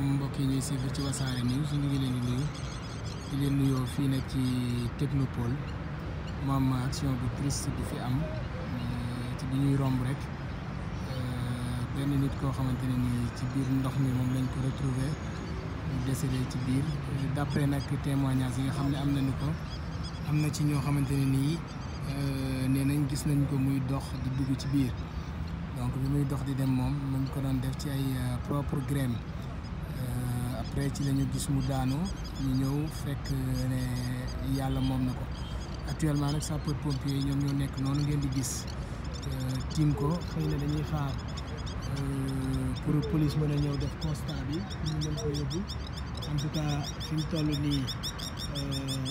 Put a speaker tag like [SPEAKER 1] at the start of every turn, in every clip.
[SPEAKER 1] asalaamaaleykum mbokk yi ñuy suivre ci wasaare news ñu ngi leen di nuyu di leen nuyoo fii nag ci technopole mu am action bu triste bu fi am ci bi ñuy romb rek euh, benn nit koo xamante ne nii ci biir ndox mi moom lañ ko retrouvé décédé ci biir d'après nag témoignage yi nga xam ne am nañu ko am na ci ñoo xamante ne nii euh, nee nañ gis nañ ko muy dox di dugg ci biir donc bi muy dox di dem moom mu ngi ko doon def ci ay euh, propre graine. Euh, après ci la ñu gis mu daanu ñu ñëw fekk ne yàlla moom na ko actuellement nag sapeur pompier yi ñoom ñoo nekk noonu ngeen di gis euh, tiim ko xëy na dañuy xaar euh, pour police mën a ñëw def constat bi ñu mën ko yóbbu en tout cas fi mu nii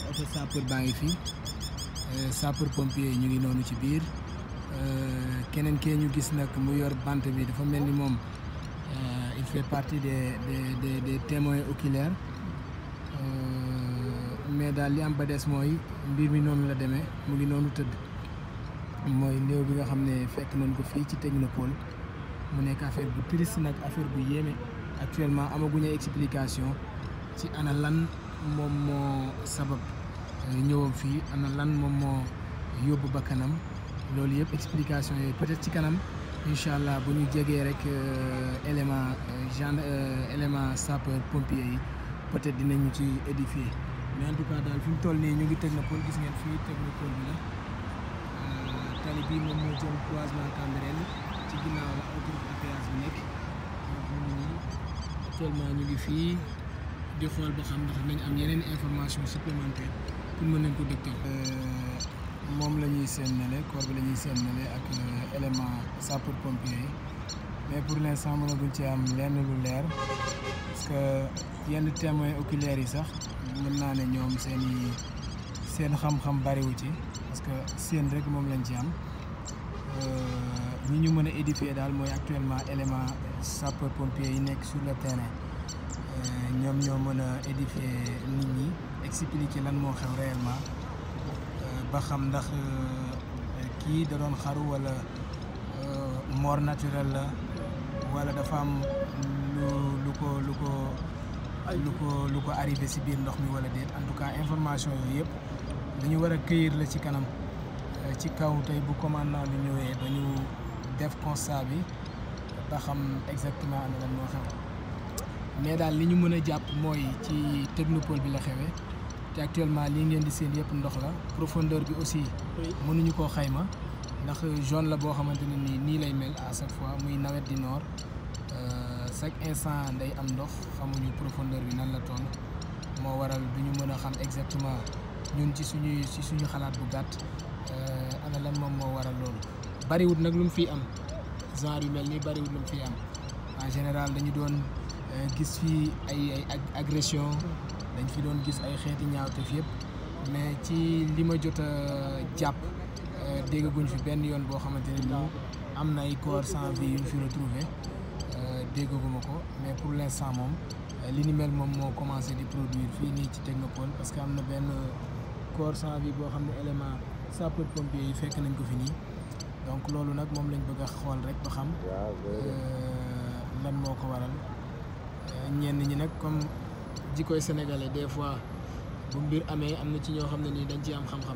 [SPEAKER 1] oto sapeur baa ngi fi sapeur pompier ñu ngi noonu ci biir keneen kee ñu gis nag mu yor bant bi dafa mel ni moom. fait partie des des des témoins oculaires euh, mais daal li am ba des mooy mbir mi noonu la demee mu ngi noonu tëdd mooy néew bi nga xam ne fekk nañ ko fii ci technopole mu nekk affaire bu triste nag affaire bu yéeme actuellement amaguñ ay explication ci ana lan moom moo sabab euh, ñëwam fii ana lan moom moo yóbbu ba kanam loolu yëpp explication yooyu peut-être ci kanam. incha allah bu ñu jegee rek euh, élément euh, genre euh, élément sapeur pompier yi peut-être dinañu ci édifier mais en tout daal fi mu toll nii ñu ngi technopole gis ngeen fii technopole bi la tali moom moo jëm croisement Cambérène ci ginnaaw la autoroute bi nekk actuellement ñu ngi fii di xool ba xam ndax am yeneen information supplémentaire pour mën nañ ko dëgtal moom la ñuy sennale corps bi la ñuy ak euh, élément sapeur pompier yi mais pour ne l'instant mënaguñ ci am lenn lu leer parce que yenn témoins oculaires yi sax mën naa ne ñoom seen i seen xam-xam bariwu ci parce que seen rek moom lañ ci am ñi euh, ñu mën a édifier daal mooy actuellement élément sapeur pompier yi nekk sur le terrain euh, ñoom ñoo mën a édifier nit ñi expliquer lan moo xew réellement ba xam ndax euh, kii da doon xaru wala euh, mort naturel la wala dafa am lu lu ko lu ko lu ko lu ko arrivé si biir ndox mi wala déet en tout cas information yooyu yëpp dañu ñu war a cueillir la ci kanam euh, ci kaw tey bu commandant bi ñëwee dañu def constat bi ba xam exactement ana lan moo xew mais daal li ñu mën a jàpp mooy ci technopole bi la xewee te actuellement lii ngeen di seen yëpp ndox la profondeur bi aussi mënuñu koo xayma ndax zone la boo xamante ne nii nii lay mel à chaque fois muy nawet di noor euh, chaque instant nday am ndox xamuñu profondeur bi nan la ton moo waral du ñu mën a xam exactement ñun ci suñuy ci suñu xalaat bu gàtt euh, ana lan moom moo waral loolu bariwut nag lu mu fiy am genre yu mel nii bariwut lu mu fiy am en général dañu doon euh, gis fii ay ay agression mm. dañ fi doon gis ay xeeti fi yëpp mais ci li ma jot a jàpp euh, déggaguñ fi benn yoon boo xamante ne nii am na ay corps sans vie yu ñu fi retrouvé euh, déggaguma ko mais pour l'instant moom euh, li ni mel moom moo commencé di produit fii nii ci technopole parce que am na benn corps sans vie boo xam ne élément sapeur pompier yi fekk nañ ko fi nii donc loolu nag moom lañ bëgg a xool rek ba xam lan moo ko waral ñenn ñi nag comme. jikkoy sénégalais des fois bu mbir amee am na ci ñoo xam ne nii dañ ci am xam-xam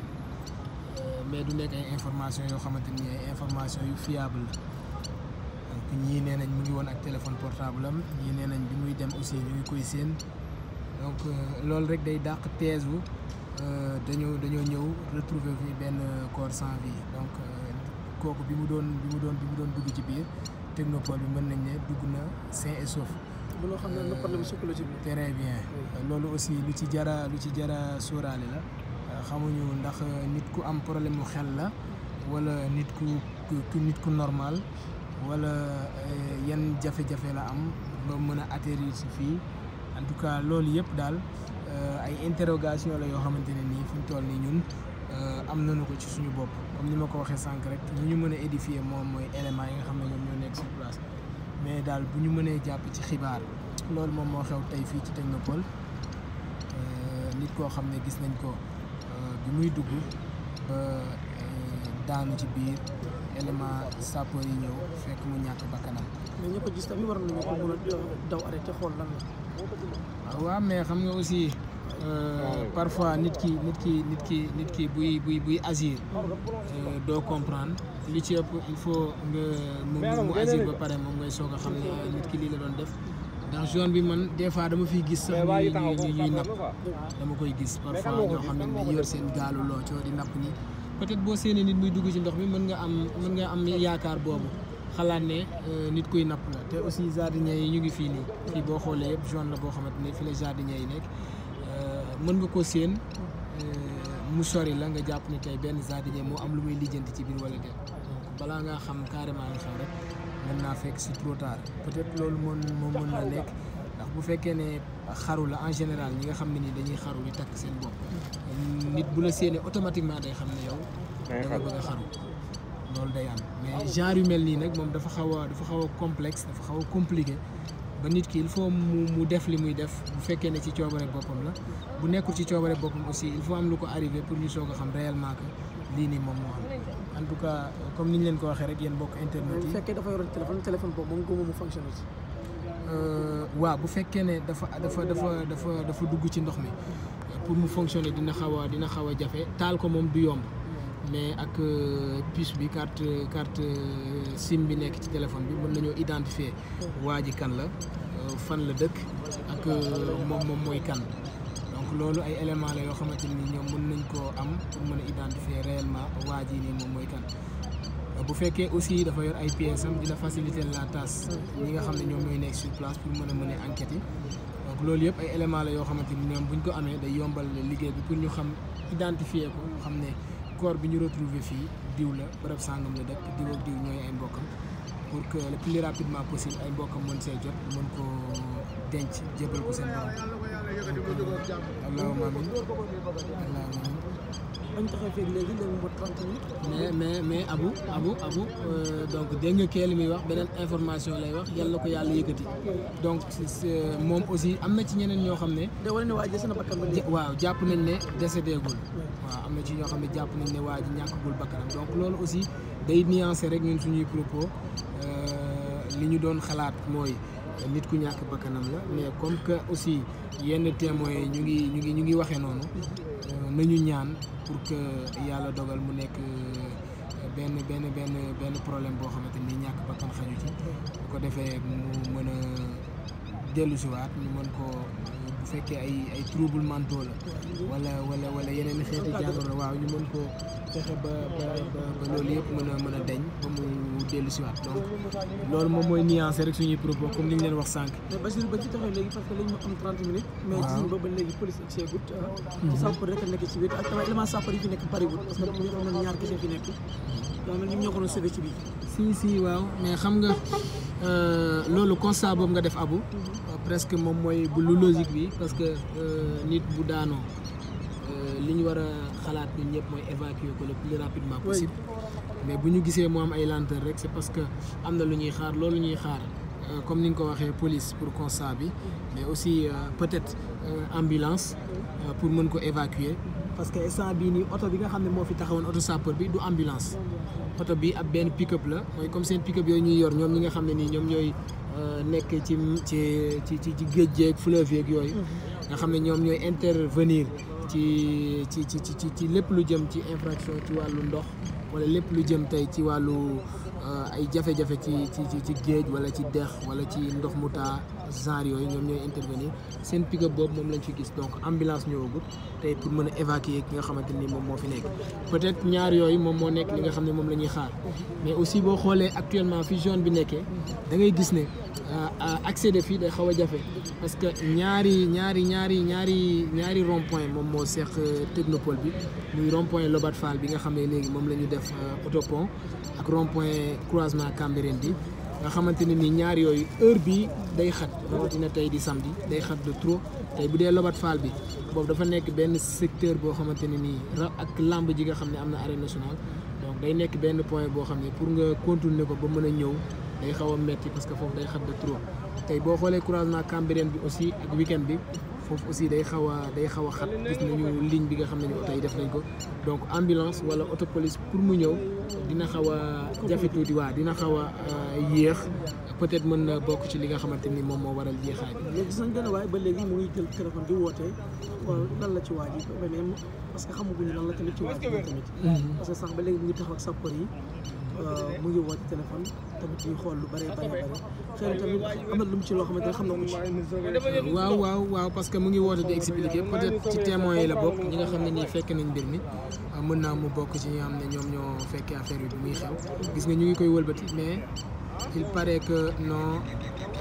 [SPEAKER 1] euh, mais du nekk ay information yoo xamante ni ay information yu fiable donc ñii nee nañ mu ngi woon ak téléphone portable am ñii nee nañ bi muy dem aussi ñu ngi koy séen donc euh, loolu rek day dàq thèse wu euh, dañoo dañoo ñëw retrouver fi benn corps sans vie donc kooku bi mu doon bi mu doon bi mu doon dugg ci biir technopole bi mën nañ ne dugg na sain et sof ba loo xam ne am na loolu aussi lu ci jara lu ci jara sóoraale la xamuñu ndax nit ku am problème mu xel la wala nit ku nit ku normal wala eh, yan jafe-jafe la am ba mën a atterrir si fii en tout cas loolu yëpp daal eh, ay interrogation la yoo xamante ne nii fu ñu toll nii ñun eh, am nañu ko ci suñu bopp comme ni ma ko waxee sànq rek ñu ñu mën a édifier moom mooy éléments yi nga xam ne ñoom ñoo nekk sur place. mais daal bu ñu mënee jàpp ci xibaar loolu moom moo xew tey fii ci Technopole euh, nit koo xam ne gis nañ ko euh, bi muy dugg ba euh, daanu ci biir élément sappo yi ñëw fekk mu ñàkk bakkanam. mais ñëpp xool la. Ah, waaw mais xam nga aussi. Euh, parfois nit ki nit ki nit ki nit ki buy buy buy agir euh, doo comprendre li ci ëpp il faut nga mu mu agir ba pare moom ngay soog xam ne ah, nit ki lii la doon def ndax zone bi man des fois dama fiy gis sax ñuy ñuy napp dama koy gis parfois ñoo xam ne ni yor seen gaalu loocoo di napp ni peut-être boo séenee nit muy dugg ci ndox mi mën nga am mën nga am yaakaar boobu xalaat ne euh, nit kuy napp la te aussi jardinier yi ñu ngi fii nii fii boo xoolee yëpp zone la boo xamante ni fi la jardinier yi nekk mën nga koo séen euh, mu sori la nga jàpp ni tey benn jardinier moo am lu muy lijjanti ci biir wala déet balaa ngaa xam carrément li xew rek mën naa fekk si trop tard peut-être loolu moom moom mën naa nekk ndax bu fekkee ne xaru la en général ñi nga xam ne nii dañuy xaru di takk seen bopp nit bu la séenee automatiquement day xam ne yow da nga xaru loolu day am mais genre yu mel nii nag moom dafa xaw a dafa xaw a complexe dafa xaw a compliqué ba nit ki il faut mu def li muy def bu fekkee ne ci coobare boppam la bu nekkul ci coobare boppam aussi il faut am lu ko arrivé pour ñu soog a xam réellement que lii nii moom moo am en tout cas comme ni ñu leen ko waxee rek yéen bokk internet yi. bu fekkee dafa yoroon téléphone téléphone boobu moom ko mu fonctionné ci. Euh, bu fekkee ne dafa dafa dafa dafa dafa dugg ci ndox mi pour mu fonctionner dina xaw a dina xaw a jafe taal ko moom du yomb. mais ak euh, puce bi carte carte euh, SIM bi nekk ci téléphone bi mën nañoo identifier waaji kan la euh, fan la dëkk ak moom moom mooy kan donc loolu ay éléments la yoo xamante ni ñoom mën nañ koo am pour mën a identifier réellement waa ji nii moom mooy kan bu fekkee aussi dafa yor ay pièces am dina faciliter la tâche ñi nga xam ne ñoom nekk sur place pour mën a mën a enquêtes yi loolu yëpp ay éléments la yoo xamante ni ñoom buñ ko amee day yombal liggéey bi pour ñu xam identifier ko xam ne corps bi ñu retrouvé fii diw la bërëb sàngam la dëkk diw ak diw ñooy ay mbokkam pour que le plus rapidement possible ay mbokkam mën see jot mën ko denc jébal ko seen borom allahumma amin allahumma amin bañ taxaw mais mais mais abu abu abu euh, donc dégg nga kee li muy wax beneen information lay wax yàlla ko yàlla yëkkati donc euh, moom aussi am na ci ñeneen ñoo xam ne. day wane waa ji des na bakkan ba léegi. waaw jàpp nañ ne décédé gul. waaw am na ci ñoo xam ne jàpp nañ ne waa ji ñàkkagul bakkanam donc loolu aussi day nuancé rek ñun suñuy propos euh, li ñu doon xalaat mooy nit ku ñàkk bakkanam la mais comme que aussi. yenn téemon yi ñu ngi ñu ngi ñu ngi waxee noonu euh, nañu ñaan pour que yàlla dogal mu nekk euh, benn benn benn benn problème boo xamante ni ñàkk bakkan xaju ci bu ko defee mu mën a dellu siwaat ñu mën ko fekkee ay ay trouble mentaux la wala yeneen i xeeti jàngoro waaw ñu mën ko fexe ba ba loolu yëpp mën a a deñ ba mu dellu loolu moom mooy nuancé rek suñuy propos comme ni ñu leen wax sànq. mais Bachir ah, mhm. fi nekk bariwul parce que ñoo xam ne ñaar kese fi nekk. si si waaw mais xam nga. Euh, loolu constat boobu nga def abu euh, presque moom mooy bu lu logique bi parce que euh, nit bu daanoo li ñu war a xalaat ñun ñëpp mooy évacuer ko le plus rapidement mais bu ñu gisee moo am ay lenteur rek c'est parce que am na lu ñuy xaar loolu ñuy xaar comme ni nga ko waxee police pour constat bi mais aussi peut-être ambulance pour mën ko évacuer parce que instant bii nii oto bi nga xam ne moo fi taxawoon auto sapor bi du ambulance oto bi ab benn pick up la mooy comme seen pick up yooyu ñuy yor ñoom ñi nga xam ne nii ñoom ñooy euh, nekk ci ci ci ci géej yeeg fleuve yeeg yooyu. Mhm. nga xam ne ñoom ñooy intervenir ci ci ci ci ci lépp lu jëm ci infraction ci wàllu ndox wala lépp lu jëm tey ci wàllu. Euh, ay jafe-jafe ci ci ci géej wala ci dex wala ci ndox mu taa genre yooyu ñoom ñoo intervenir seen pick-up boobu moom lañ fi gis donc ambulance ñëwagut tey pour mën a évacuer ki nga xamante ni moom moo fi nekk peut-être ñaar yooyu moom moo nekk li nga xam ne moom la ñuy xaar mais aussi boo xoolee actuellement fi zone bi nekkee da ngay gis ne euh, accéder fii day xaw a jafe parce que ñaari ñaari ñaari ñaari ñaari rond-point moom moo seq euh, technopole bi muy rond-point Lobat Fall bi nga xam ne léegi moom la ñu def autopont croisement Cambérène bi nga xamante ne ni ñaar yooyu heure bii day xat rawatina tey di samedi day xat de trop tey bu dee Lobat Fall bi boobu dafa nekk benn secteur boo xamante ne nii ra ak lamb ji nga xam ne am na arène nationale donc day nekk benn point boo xam ne pour nga continuer ko ba mën a ñëw day xaw metti parce que foofu day xat de trop tey boo xoolee croisement Cambérène bi aussi ak weekend bi foofu aussi day xaw a day xaw a xat gis nañu ligne bi nga xam ne ni oto yi def nañ ko donc ambulance wala auto police pour mu ñëw dina xaw a jafe tuuti waa dina xaw a euh, yéex peut-être mën na bokk ci li nga xamante ni moom moo waral yéexaay bi. léegi gis nañ waaye ba léegi mu ngi jël téléphone di woote la ci waaj yi parce que xamaguñu lan la tamit mm-hmm. parce que sax ba léegi mu ngi taxaw ak sapeur yi. Euh, mu ngi woote téléphone tamit ñuy xool lu bëree bëri bëri xëy na tamit amal lu mu ci loo xamante ne xam na ko ci. waaw waaw waaw parce que mu ngi woote di expliquer peut-être ci témoins yi la bokk ñi nga xam ne nii fekk nañ mbir mi euh, mën naa mu bokk ci ñi nga ne ñoom ñoo fekkee affaire yi bi muy xew gis nga ñu ngi koy wëlbati mais il pare que non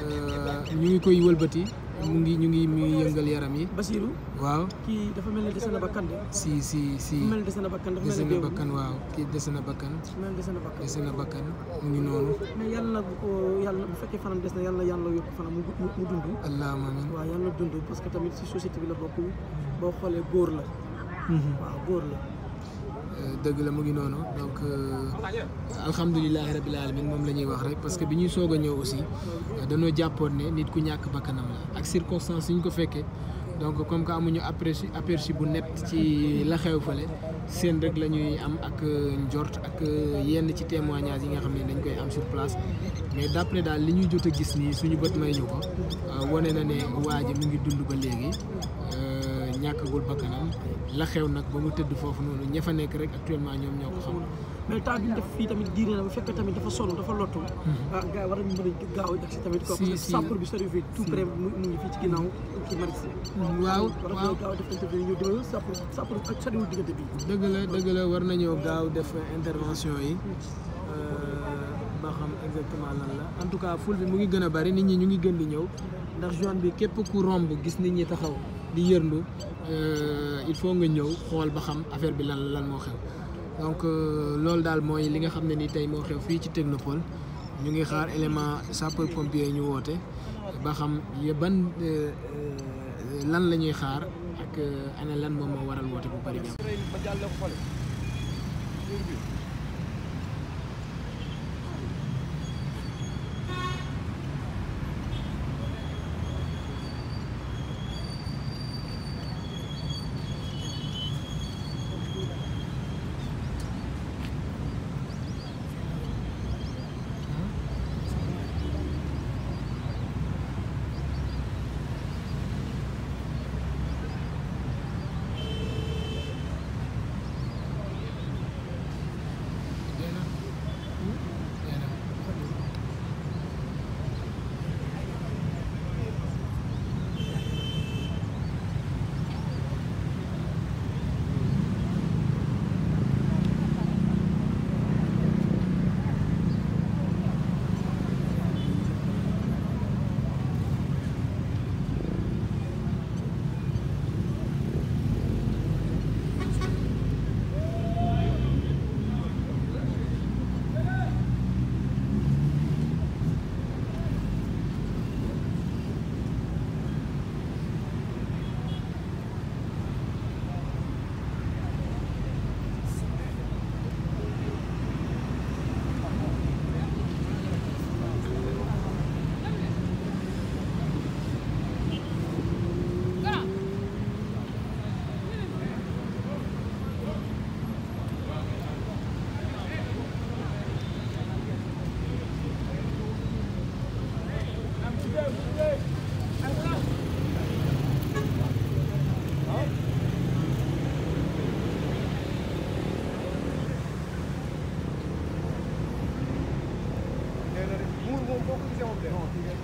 [SPEAKER 1] euh, ñu ngi koy wëlbati. mu ngi ñu ngi muy yëngal yaram yi. Basirou. waaw kii dafa mel ni dese na bakkan de. si si si. mu mel ni na bakkan dafa mel ni na bakkan waaw kii dese na bakkan. mel ni dese na bakkan bakkan mu ngi noonu. mais yàlla na bu ko yàlla bu fekkee fanam des na yàlla yàlla yokk fanam mu mu dund. allahumma amiin waaw yàlla dund parce que tamit si société bi la bokk boo xoolee góor la. Mhm. waaw góor la. dëgg la mu ngi noonu donc euh, alhamdulilah rabil alamin moom la ñuy wax rek parce que bi ñuy soog a ñëw aussi euh, dañoo jàppoon ne nit ku ñàkk bakkanam la ak circonstances yi ñu ko fekkee donc comme que amuñu aperçu aperçu bu net ci la xew fale seen rek la ñuy am ak euh, njort ak yenn ci témoignages yi nga xam ne dañ koy am sur place mais d'après daal li ñuy jot a gis nii suñu bët may ñu ko wane na ne waa ji mu ngi dund ba léegi. ñàkk ñàkkagul bakkanam la xew nag ba mu tëdd foofu noonu ña fa nekk rek actuellement ñoom ñoo ko xam. mais temps bi fii tamit bu fekkee tamit dafa sonn dafa lottu. Mhm. ah gars war nañu mën a bi sori fii tout près fii ci ginnaaw ci waaw mhm, waaw war nañoo gaaw def dëgg la dëgg la war nañoo gaaw def intervention yi. Euh, ba xam exactement en tout cas ful bi mu ngi gën a bari nit ñi ñu ngi gën di ñëw ndax zone bi képp ku romb gis nit ñi taxaw. di yërndu euh, il faut nga ñëw xool ba xam affaire bi lan lan moo xew donc euh, loolu daal mooy li nga xam ne ni tey moo xew fii ci technopole ñu ngi xaar élément sapeur pompier ñu woote ba xam ban euh, lan la ñuy xaar ak ana lan moom moo waral woote bu bari bi 되는데.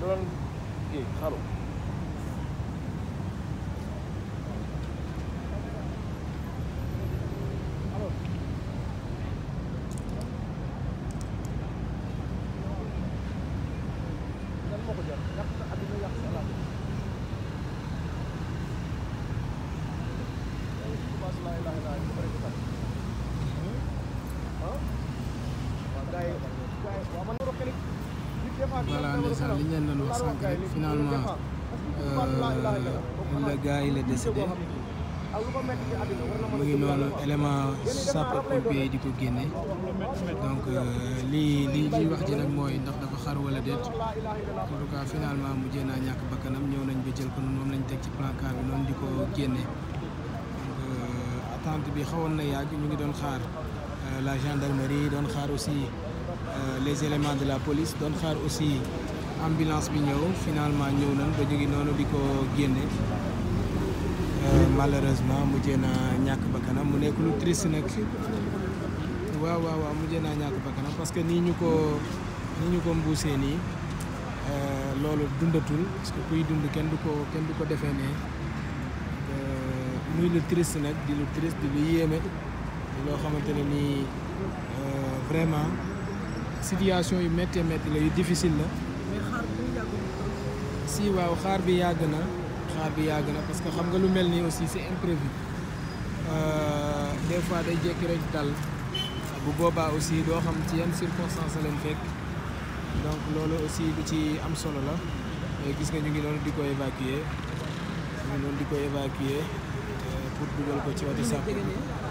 [SPEAKER 1] doon kii xaru finalement euh, le gars il est décédé mu ngi noonu élément sapeur pompier di ko génne donc euh, lii lii lii wax ji nag mooy ndax dafa xar wala déet en tout cas finalement mu jéem ñàkk bakkanam ñëw nañ ba jël ko moom lañ teg ci placard bi noonu di ko génne euh, attente bi xawoon na yàgg ñu ngi doon xaar la gendarmerie doon xaar aussi les éléments de la police doon xaar aussi. ambulance bi ñëw finalement ñëw nañ ba jógi noonu di ko génne euh, malheureusement mujjee na ñàkk bakkanam mu nekk lu triste nag waaw waaw waaw naa ñàkk bakkanam parce que nii ñu ko nii ñu ko mbuusee nii euh, loolu dundatul parce que kuy dund kenn du ko kenn du ko defee ne euh, muy lu triste nag di lu triste di lu yéeme loo xamante ne nii vraiment situation yu méttee métti la yu difficile la si waaw xaar bi yàgg na xaar bi yàgg na parce que xam nga lu mel nii aussi c'est imprévu euh, des fois day jékki rek dal bu boobaa aussi doo xam ci yan circonstance la leen fekk donc loolu aussi lu ci am solo la gis nga ñu ngi doon di ko évacuer ñu ngi di ko évacuer euh, pour dugal ko ci oto sàpp